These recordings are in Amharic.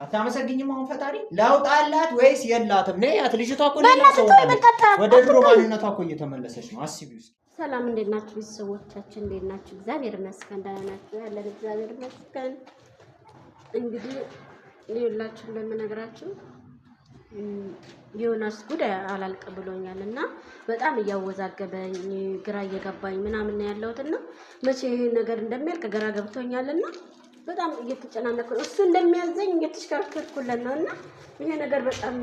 Até uma seguinte mão, Fatari. ላውጣላት ወይስ የላትም? ነ ያት ልጅቷ እኮ ወደ ድሮ ማንነቷ እኮ እየተመለሰች ነው። አስቢ ውስጥ ሰላም፣ እንዴት ናችሁ ቤተሰቦቻችን? እንዴት ናችሁ? እግዚአብሔር ይመስገን ደህና ናችሁ? ያለን እግዚአብሔር ይመስገን። እንግዲህ ሌላችሁ እንደምነግራችሁ ዮናስ ጉዳይ አላልቅ ብሎኛል እና በጣም እያወዛገበኝ ግራ እየገባኝ ምናምን ያለሁት እና መቼ ይሄ ነገር እንደሚያልቅ ግራ ገብቶኛል እና በጣም እየተጨናነኩ ነው። እሱ እንደሚያዘኝ እየተሽከረከርኩለት ነው እና ይሄ ነገር በጣም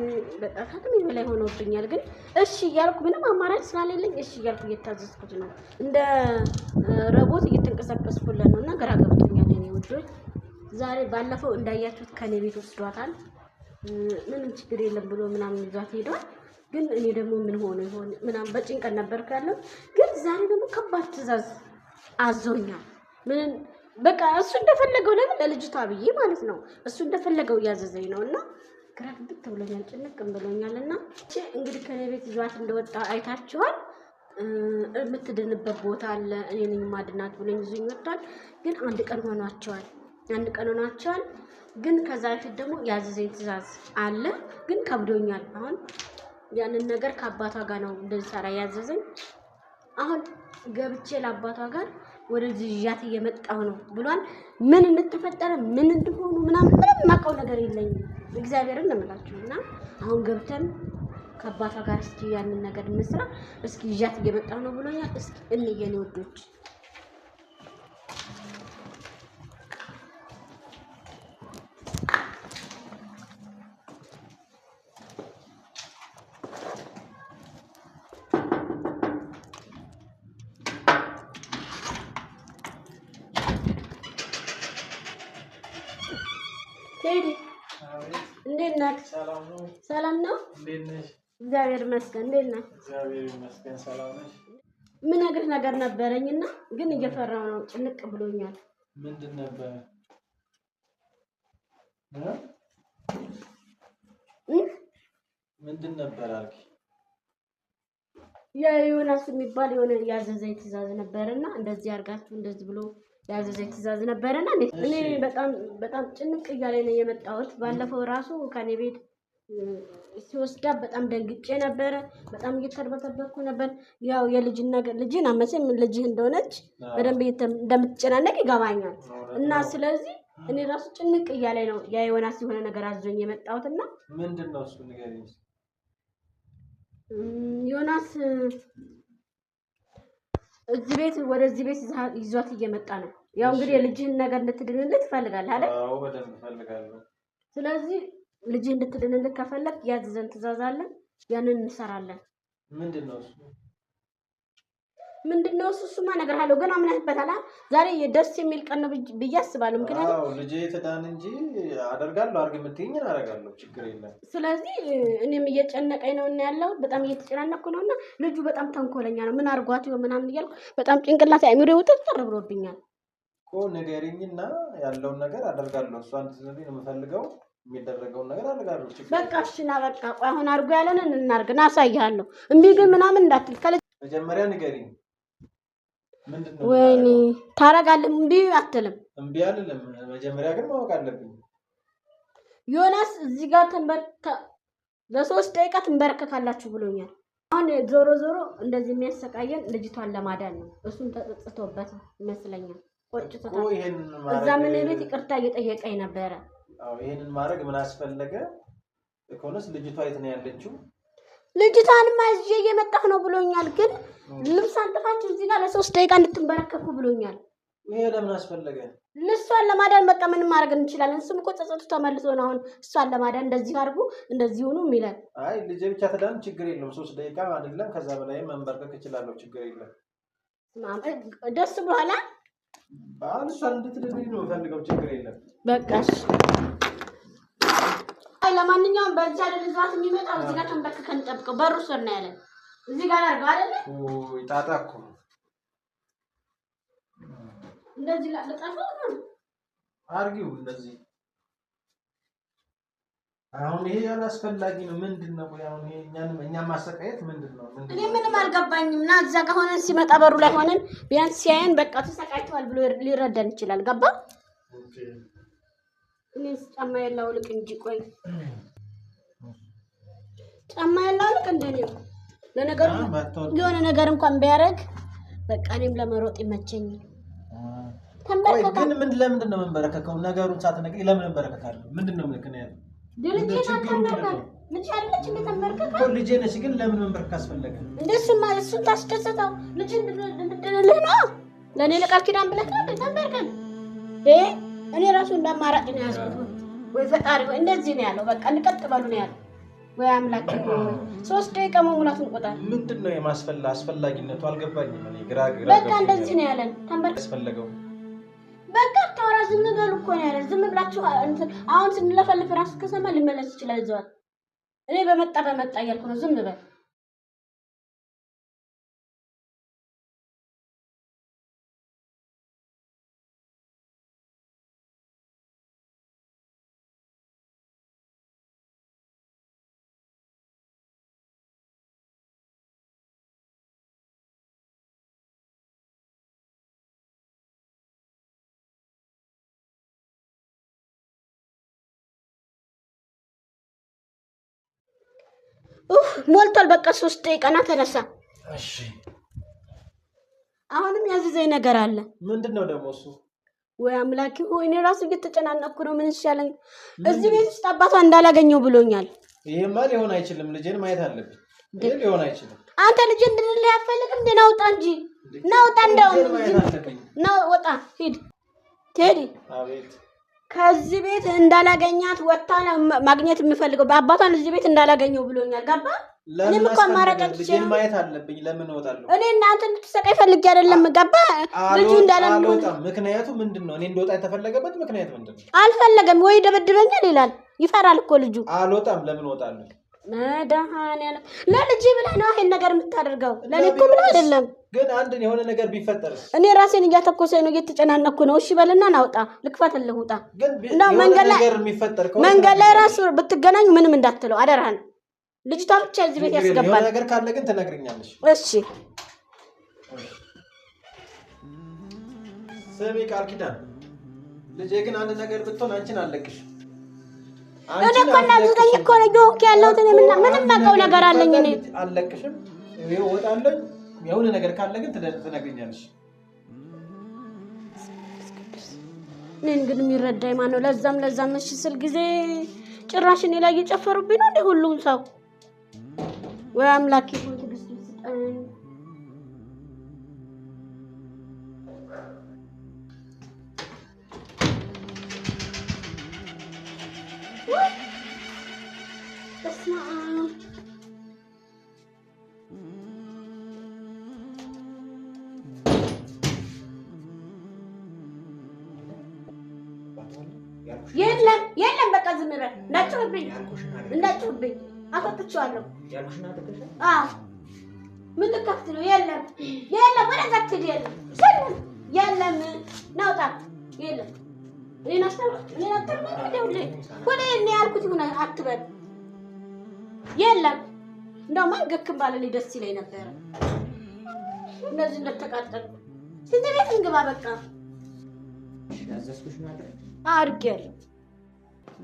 በጣም ከአቅሜ በላይ ሆኖብኛል። ግን እሺ እያልኩ ምንም አማራጭ ስላሌለኝ እሺ እያልኩ እየታዘዝኩት ነው። እንደ ረቦት እየተንቀሳቀስኩለት ነው እና ግራ ገብቶኛል። እኔ ውዶች ዛሬ ባለፈው እንዳያችሁት ከኔ ቤት ወስዷታል። ምንም ችግር የለም ብሎ ምናምን ይዟት ሄዷል። ግን እኔ ደግሞ ምን ሆኖ ይሆን ምናምን በጭንቀት ነበር ያለው። ግን ዛሬ ደግሞ ከባድ ትዕዛዝ አዞኛል። ምን በቃ እሱ እንደፈለገው ለምን ለልጅቷ ብዬ ማለት ነው። እሱ እንደፈለገው እያዘዘኝ ነው እና ግራ ግብት ብሎኛል፣ ጭንቅም ብሎኛል። እና እንግዲህ ከኔ ቤት ይዟት እንደወጣ አይታችኋል። የምትድንበት ቦታ አለ እኔ ነኝ ማድናት ብሎኝ ይዞኝ ወጥቷል። ግን አንድ ቀን ሆኗቸዋል፣ አንድ ቀን ሆኗቸዋል። ግን ከዛ በፊት ደግሞ ያዘዘኝ ትእዛዝ አለ፣ ግን ከብዶኛል። አሁን ያንን ነገር ከአባቷ ጋር ነው እንድንሰራ ያዘዘኝ። አሁን ገብቼ ለአባቷ ጋር ወደ ዝዣት እየመጣሁ ነው ብሏል። ምን እንተፈጠረ ምን እንደሆኑ ምናምን ምንም የማውቀው ነገር የለኝም እግዚአብሔርን እምላችሁ እና አሁን ገብተን ከአባቷ ጋር እስኪ ያንን ነገር እንስራ። እስኪ ይዣት እየመጣሁ ነው ብሎኛል። እስኪ እንየኔ ወዶች ቴዲ እንዴት ነህ? ሰላም ነው። እግዚአብሔር ይመስገን። እንዴት ነህ? ምን እግርህ ነገር ነበረኝ እና ግን እየፈራው ነው። ጭንቅ ብሎኛል። ምንድን ነበረ? ምንድን ነበር አልክ? የዮናስ የሚባል የሆነ ያዘዘኝ ትዕዛዝ ነበርና እንደዚህ አድርጋችሁ እንደዚህ ብሎ ያዘዘኝ ትእዛዝ ነበረና እኔ በጣም በጣም ጭንቅ እያለ ነው የመጣሁት። ባለፈው ራሱ ከኔ ቤት ሲወስዳ በጣም ደንግጬ ነበረ። በጣም እየተርበተበኩ ነበር። ያው የልጅን ነገር ልጅን አመሴም ልጅህ እንደሆነች በደንብ እንደምትጨናነቅ ይገባኛል። እና ስለዚህ እኔ ራሱ ጭንቅ እያለ ነው የዮናስ የሆነ ነገር አዞኝ የመጣሁት እና ምንድን ነው እሱ ንገሪኝ ዮናስ እዚህ ቤት ወደዚህ ቤት ይዟት እየመጣ ነው። ያው እንግዲህ የልጅህን ነገር እንድትድንልህ ትፈልጋለህ አይደል? አዎ በደንብ እፈልጋለሁ። ስለዚህ ልጅህ እንድትድንልህ ከፈለግ ያዝዘን ትእዛዝ አለን፣ ያንን እንሰራለን። ምንድን ነው እሱ? ምንድነው ነው እሱ? እሱማ እነግርሃለሁ፣ ግን አምነህበታል። ዛሬ ደስ የሚል ቀን ነው ብዬ አስባለሁ። ምክንያቱም ልጄ ትዳን እንጂ አደርጋለሁ፣ አድርግ የምትይኝን አደርጋለሁ፣ ችግር የለም። ስለዚህ እኔም እየጨነቀኝ ነው እና ያለው በጣም እየተጨናነኩ ነው እና ልጁ በጣም ተንኮለኛ ነው። ምን አርጓት ይሆን ምናምን እያልኩ በጣም ጭንቅላቴ አእምሮ ውጥርጥር ብሎብኛል እኮ። ንገሪኝና ያለውን ነገር አደርጋለሁ። እሷ እንድትነግሪኝ ነው የምፈልገው የሚደረገውን ነገር አደርጋለሁ። ችግር በቃ እሺ፣ ና በቃ ቆይ፣ አሁን አድርጎ ያለንን እናድርግ፣ እናሳይሃለሁ። እምቢ ግን ምናምን እንዳትል መጀመሪያ ንገሪኝ። ወይኔ ታረጋለህ? እምቢ አትልም? እምቢ አልልም። መጀመሪያ ግን ማወቅ አለብኝ። ዮናስ እዚህ ጋር ተንበርከ ለሶስት ደቂቃ ትንበረከካላችሁ ብሎኛል። አሁን ዞሮ ዞሮ እንደዚህ የሚያሰቃየን ልጅቷን ለማዳን ነው። እሱም ተጸጽቶበት ይመስለኛል። ቆጭቶታል። እዛ ምን ቤት ይቅርታ እየጠየቀኝ ነበረ። ይሄንን ማድረግ ምን አስፈለገ? ከሆነስ ልጅቷ የት ነው ያለችው? ልጅቷን ማዝዤ እየመጣሁ ነው ብሎኛል። ግን ልብስ አንጥፋችሁ እዚህ ጋር ለሶስት ደቂቃ እንድትንበረከኩ ብሎኛል። ይሄ ለምን አስፈለገ? እሷን ለማዳን በቃ ምንም ማድረግ እንችላለን። እሱም እኮ ጸጸቱ ተመልሶ ነው አሁን እሷን ለማዳን እንደዚህ አድርጉ፣ እንደዚህ ሆኑ ይላል። አይ ልጄ ብቻ ተዳን፣ ችግር የለም። ሶስት ደቂቃ አይደለም ከዛ በላይ መንበርከክ እችላለሁ፣ ችግር የለም። ደስ በኋላ አሁን እሷን እንድትልልኝ ነው ፈልገው ችግር የለም። በቃ አይ ለማንኛውም በዚህ አይደል ዝባት የሚመጣው እዚህ ጋር ተንበርክከን እንጠብቀው። በሩ ስር ነው ያለን። እዚህ ጋር አድርገው አይደለ? ኦይ ጣጣ እኮ እንደዚህ ለጠፋው ነው አድርጊው። እንደዚህ አሁን ይሄ ያላስፈላጊ ነው። ምንድን ነው አሁን ይሄ እኛን እኛን ማሰቃየት ምንድን ነው? እኔ ምንም አልገባኝም። እና እዛ ጋር ሆነን ሲመጣ በሩ ላይ ሆነን ቢያንስ ሲያየን በቃ ተሰቃይተዋል ብሎ ሊረዳን ይችላል። ገባ እኔስ ጫማ ያላውልቅ እንጂ ቆይ ጫማ ያላውልቅ እንደኔ ለነገሩ የሆነ ነገር እንኳን ቢያደርግ በቃ እኔም ለመሮጥ ይመቸኝ። ግን ምን ለምንድን ነው መንበረከከው? ነገሩን ሳትነግሪ ለምን እንበረከካለሁ? ምንድን ነው ምክንያቱ? ልጄ ነች ግን ለምን መንበረከክ አስፈለገ? እንደሱማ እሱን ታስደሰተው ልጅ እንድንልህ ነው ለእኔ ለቃል ኪዳን ብለህ ተንበርከክ እኔ ራሱ እንዳማራጭ ነው ያዝኩት። ወይ ፈጣሪ ወይ እንደዚህ ነው ያለው። በቃ እንቀጥ በሉ ነው ያለው። ወይ አምላክ ሶስት ደቂቃ መሙላቱን ቆጣል። ምንድን ነው የማስፈላ አስፈላጊነቱ አልገባኝም። እኔ ግራ ግራ በቃ እንደዚህ ነው ያለን። ተንበርክ ያስፈለገው በቃ ታወራ ዝም በሉ እኮ ነው ያለ። ዝም ብላችሁ አሁን ስንለፈልፍ ራስ ከሰማ ሊመለስ ይችላል። ዘዋል እኔ በመጣ በመጣ እያልኩ ነው ዝም በል ሞልቷል። በቃ ሶስት ደቂቃ ና ተነሳ። አሁንም ያዘዘኝ ነገር አለ። ምንድን ነው ደግሞ እሱ? ወይ አምላኪ ሆይ እኔ ራሱ እየተጨናነኩ ነው። ምን ይሻለኝ? እዚህ ቤት ውስጥ አባቷ እንዳላገኘው ብሎኛል። ይሄማ ሊሆን አይችልም። ልጄን ማየት አለብኝ። ይሄ ሊሆን አይችልም። አንተ ልጅ እንድንል ያፈልግም እንዴ? ናውጣ እንጂ ናውጣ፣ እንደውም ናውጣ። ሂድ ቴዲ። አቤት ከዚህ ቤት እንዳላገኛት ወታ ማግኘት የምፈልገው በአባቷን እዚህ ቤት እንዳላገኘው ብሎኛል። ገባ እኔም እኮ አማራጫችን ማየት አለብኝ። ለምን እወጣለሁ? እኔ እናንተ እንድትሰቃይ ፈልጌ አይደለም። ገባ ልጁ እንዳለምሆን ምክንያቱ ምንድን ነው? እኔ እንደወጣ የተፈለገበት ምክንያት ምንድን ነው? አልፈለገም ወይ ደበድበኛል ይላል። ይፈራል እኮ ልጁ። አልወጣም። ለምን እወጣለሁ? መድኃኒዓለም ለልጅ ብለህ ነው ይሄን ነገር የምታደርገው? ለእኔ እኮ ምን አይደለም ግን አንድን የሆነ ነገር ቢፈጠር እኔ ራሴን እያተኮሰ ነው፣ እየተጨናነኩ ነው። እሺ በልና ናውጣ ልክፈት ልውጣ። መንገድ ላይ ራሱ ብትገናኙ ምንም እንዳትለው አደራህን። ልጅቷ ብቻ እዚህ ቤት ያስገባል። ነገር ካለ ግን ትነግርኛለሽ። እሺ ስሚ ቃል ኪዳን፣ ልጄ ግን አንድ ነገር ብትሆን አንቺን አለቅሽ እኔ እኮ እናዝጠኝ እኮ ነው እየሆንክ ያለሁት። ምንም አውቀው ነገር አለኝ እኔ አለቅሽም እወጣለሁ የሆነ ነገር ካለ ግን ትነግረኛለሽ። እኔን ግን የሚረዳኝ ማነው? ለዛም ለዛም እሺ ስል ጊዜ ጭራሽ እኔ ላይ እየጨፈሩብኝ ነው እንደ ሁሉም ሰው። ወይ አምላክ ይሁን ትዕግስት ስጠኝ። እንዳጭብኝ አፈጥቼዋለሁ። ምን ልከፍት ነው? የለም የለም፣ ወደዛ ትሄድ የለም የለም፣ ናውጣ የለም። ወደ እኔ ያልኩት ሆነ አትበል። የለም እንደው መንገክም ባለልኝ ደስ ይለኝ ነበረ። እነዚህ እንደተቃጠሉ ትንሽ ቤት እንግባ በቃ አድርጌያለሁ።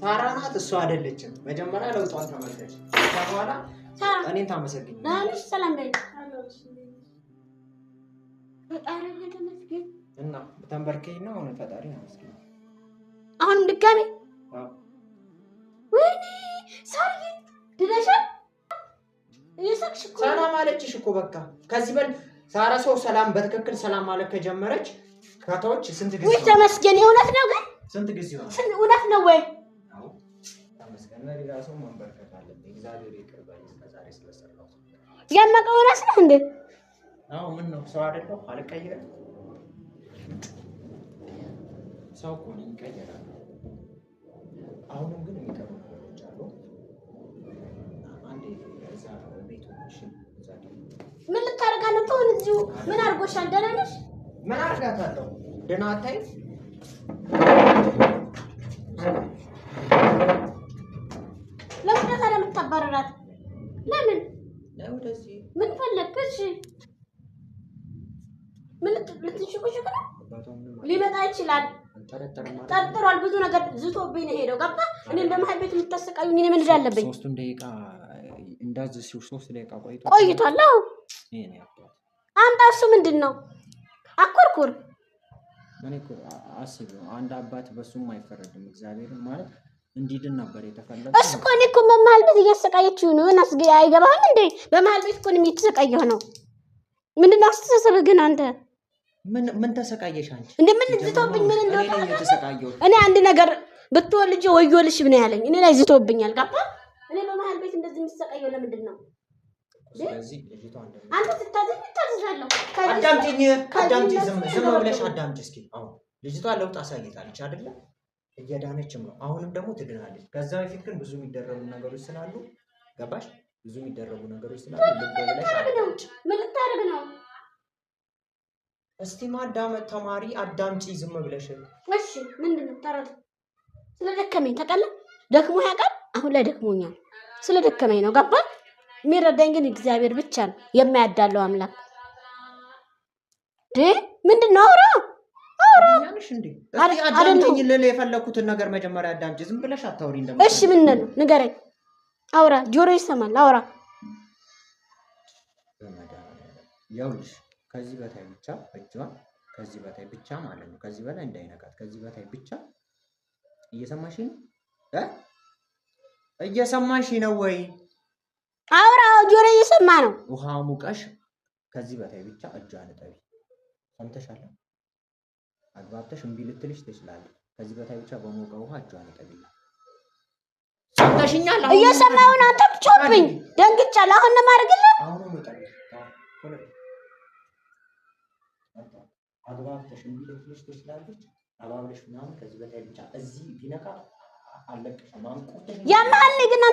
ሳራ ናት፣ እሷ አይደለችም። መጀመሪያ ለውጧን ተመልከች። በኋላ እኔን ታመሰግኝ። እና ተንበርክኝ ነው ሆነ ፈጣሪ አመስግኝ። አሁንም ድጋሜ ሰላም አለችሽ እኮ በቃ ከዚህ በል ሳራ ሰው ሰላም በትክክል ሰላም ማለት ከጀመረች ከተዎች ስንት ጊዜ ተመስገን። የእውነት ነው ግን ስንት ጊዜ እውነት ነው ወይ? ለሌላ ሰው ማንበርከት አለብኝ። እግዚአብሔር ይቅር በለኝ እስከዛሬ ስለሰራሁት። ያመቀው ራስ ነው እንዴ? አዎ። ምን ነው ሰው አይደለሁ? ሰው እኮ ነው ይቀየራል። አሁንም ግን የሚቀሩ ነገሮች አሉ። አንዴ እዛ ቤቱ ምን እዚሁ። ምን አድርጎሻል? ደህና ነሽ? ምን አድርጋታለሁ? ደህና አታይም አባረራት። ለምን ምን ፈለግ? ምን ልትሽቁሽቅ ነው? ሊመጣ ይችላል። ጠርጥሯል። ብዙ ነገር ዝቶብኝ ነው ሄደው። ገባ እኔ በመሀል ቤት የምታሰቃዩ እኔ ምን እዳ ሶስቱን ደቂቃ እንዳዘዝሽው ሶስት ደቂቃ ቆይቷል። ቆይቷል። አዎ አምጣ። እሱ ምንድን ነው አኩርኩር። አንድ አባት በሱም አይፈረድም። እግዚአብሔር ማለት እንዲድን ነበር የተፈለገው። እሱ እኮ እኔ እኮ መመሀል ቤት እያሰቃየችው ነው። አይገባህም እንዴ? በመሀል ቤት እኮ እየተሰቃየሁ ነው። ምንድን ነው አስተሳሰብህ ግን አንተ? ምን ተሰቃየሽ አንቺ? እንደ ምን ዝቶብኝ ምን እንደተሰቃየሁ እኔ አንድ ነገር ብትወ ወዮልሽ ምን ያለኝ እኔ ላይ ዝቶብኛል። ጋባ እኔ በመሀል ቤት እንደዚህ የምትሰቃየው ለምንድን ነው? ልጅቷ ለውጥ አሳይታለች አይደለም እየዳነችም ነው። አሁንም ደግሞ ትድናለች። ከዛ በፊት ግን ብዙ የሚደረጉ ነገሮች ስላሉ ገባሽ? ብዙ የሚደረጉ ነገሮች ስላሉ ምን ልታደርግ ነው? እስቲ ማዳመ ተማሪ አዳምጪ፣ ዝም ብለሽ እሺ። ምንድን ነው ስለ ደከመኝ ደክሞ ያውቃል። አሁን ላይ ደክሞኛል፣ ስለ ደከመኝ ነው። ገባ? የሚረዳኝ ግን እግዚአብሔር ብቻ ነው፣ የማያዳለው አምላክ። ምንድን ነው አውራ ኧረ የፈለኩትን ነገር መጀመሪያ አዳምጪ። ዝም ብለሽ አታውሪ። እሺ፣ ምን ነው ንገረኝ። አውራ፣ ጆሮ ይሰማል። አውራ። ይኸውልሽ ከዚህ በታይ ብቻ እጇን ከዚህ በታይ ብቻ ማለት ነው። ከዚህ በላይ እንዳይነካት፣ ከዚህ በታይ ብቻ። እየሰማሽ ነው? እየሰማሽ ነው ወይ? አውራ፣ ጆሮ እየሰማ ነው። ውሃ ሙቀሽ ከዚህ በታይ ብቻ እጇን እጠቢ። ሰምተሻል? አግባብተሽ እምቢ ልትልሽ ትችላለች። ከዚህ በታይ ብቻ በሞቀ ውሃ እጇን ይቀብላል። ሰምተሽኛል? እየሰማሁን አንተ ብጮብኝ ደንግጫለሁ። አሁን ነው የማደርግልህ። አግባብተሽ እምቢ ልትልሽ ትችላለች። አባብለሽ ምናምን ከዚህ በታይ ብቻ እዚህ ቢነካ አለቅሽ ግን አንተ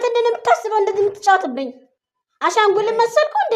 እንደምን እንደዚህ የምትጫወትብኝ አሻንጉል መሰልኩ እንዴ?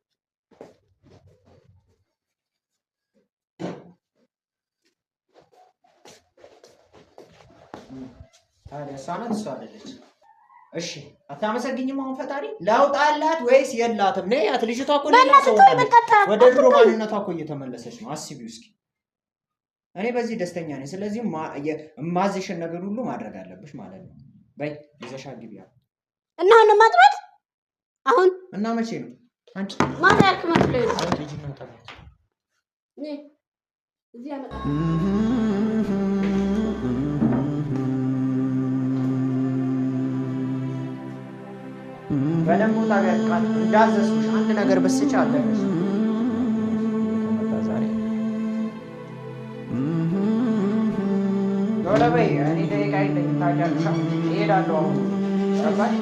ታዲያ እሷ ናት እሷ አይደለች። እሺ አታመሰግኝም? አሁን ፈጣሪ ለውጥ አላት ወይስ የላትም? ነ ያት ልጅቷ እኮ ወደ ድሮ ማንነቷ እኮ እየተመለሰች ነው። አስቢው እስኪ። እኔ በዚህ ደስተኛ ነኝ። ስለዚህ የማዝሽን ነገር ሁሉ ማድረግ አለብሽ ማለት ነው። በይ ይዘሻ ግቢ። እና አሁን ማጥራት አሁን እና መቼ ነው አንቺ ማን ያልክ መስሎ ልጅ ነው እዚህ ያመጣ በደንቡ ታውቂያለሽ። እንዳዘዝኩሽ አንድ ነገር ብትስጪ አለሽ። ቶሎ እኔ ደቂቃ የለኝም። ታውቂያለሽ፣ እሄዳለሁ አሁን። ገባሽ?